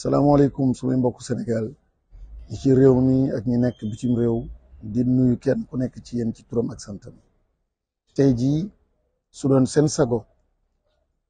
salaamaaleykum sumay mbokk Sénégal ñi ci réew mi ak ñi nekk bitim réew di nuyu kenn ku nekk ci yéen ci turam ak santam tey jii su doon seen sago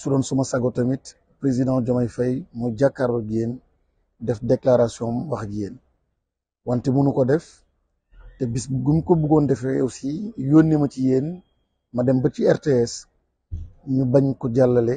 su doon suma sago tamit président Diomaye Faye moo jàkkaarloo ak yéen def déclaration wax ak yéen wante mënu ko def te bis bu mu ko bëggoon defee aussi yónnee ma ci yéen ma dem ba ci RTS ñu bañ ko jàllale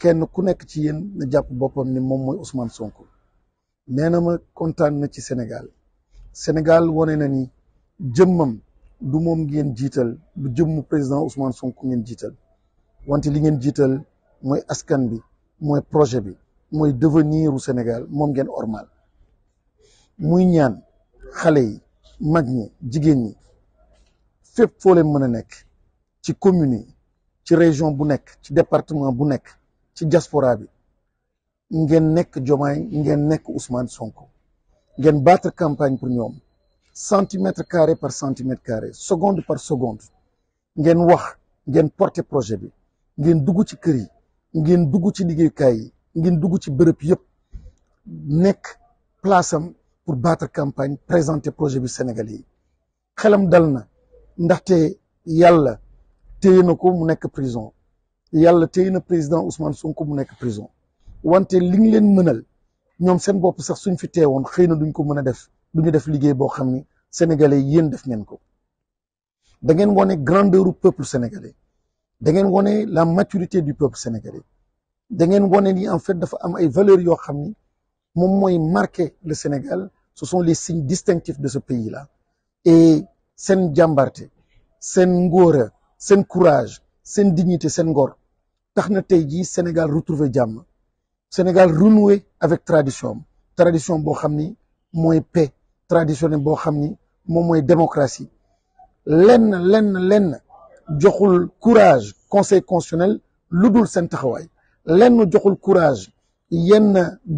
kenn ku nekk ci yéen na jàpp boppam ni moom mooy Ousmane Sonko nee na ma kontaan na ci Sénégal Sénégal wane na ni jëmmam du moom ngeen jiital bu jëmmu président Ousmane Sonko ngeen jiital wante li ngeen jiital mooy askan bi mooy projet bi mooy devenir u Sénégal moom ngeen ormal muy ñaan xale yi mag ñi jigéen ñi fépp foo leen mën a nekk ci commune yi ci région bu nekk ci département bu nekk ci diaspora bi ngeen Ousmane Sonko campagne pour centimètre carré par centimètre carré seconde par seconde ngeen wax porter projet bi ci kër yi ci yi ci place pour battre campagne présenter projet du Sénégalais xelam prison yalla tey le président Ousmane Sonko mu nek prison wante li ñu leen meunal ñom seen bop sax suñ fi téewon xeyna duñ ko mëna def duñu def liggéey bo xamni sénégalais yeen def ngeen ko da ngeen woné grandeur du peuple sénégalais da ngeen woné la maturité du peuple sénégalais da ngeen woné ni en fait dafa am ay valeurs yo xamni mom moy marqué le Sénégal ce sont les signes distinctifs de ce pays là et sen jàmbarte sen ngóora sen courage sen dignité sen ngor taxna tay ji Sénégal retrouver diam Sénégal renouer avec tradition tradition bo xamni moy paix tradition bo xamni mom moy démocratie lenn lenn lenn joxul courage conseil constitutionnel ludul sen taxaway lenn joxul courage yenn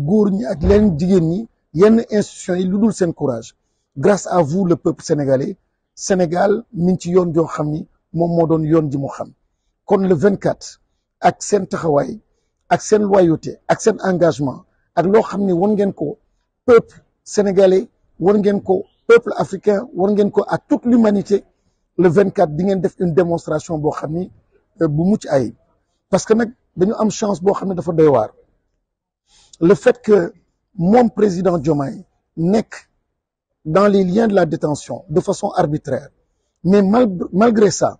góor ñi ak lenn jigéen ñi yenn institution yi lu sen courage grâce à vous le peuple sénégalais Sénégal min ci yoon joo xamni mom mo doon ji mu xam le 24 accent seen loyauté accent engagement ak loo peuple sénégalais le peuple africain à toute l'humanité le 24 di une démonstration pour nous, euh, parce que nous avons une chance de voir le fait que mon président Diomaye n'est dans les liens de la détention de façon arbitraire mais malgré ça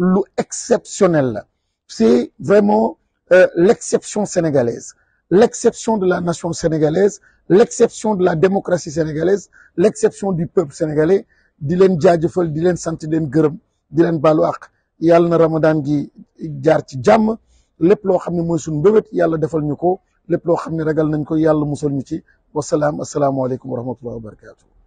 lu exceptionnel la c'est vraiment euh, l'exception sénégalaise l'exception de la nation sénégalaise l'exception de la démocratie sénégalaise l'exception du peuple sénégalais di len jaajëfal di len sante di geureum di len baalu ak yalla na ramadan gi jaar ci jàmm lepp lo xamni ne sun suñu yalla defal ñuko ko lo xamni ragal nañ ko yalla musul ñu ci wa rahmatullahi wa barakatuh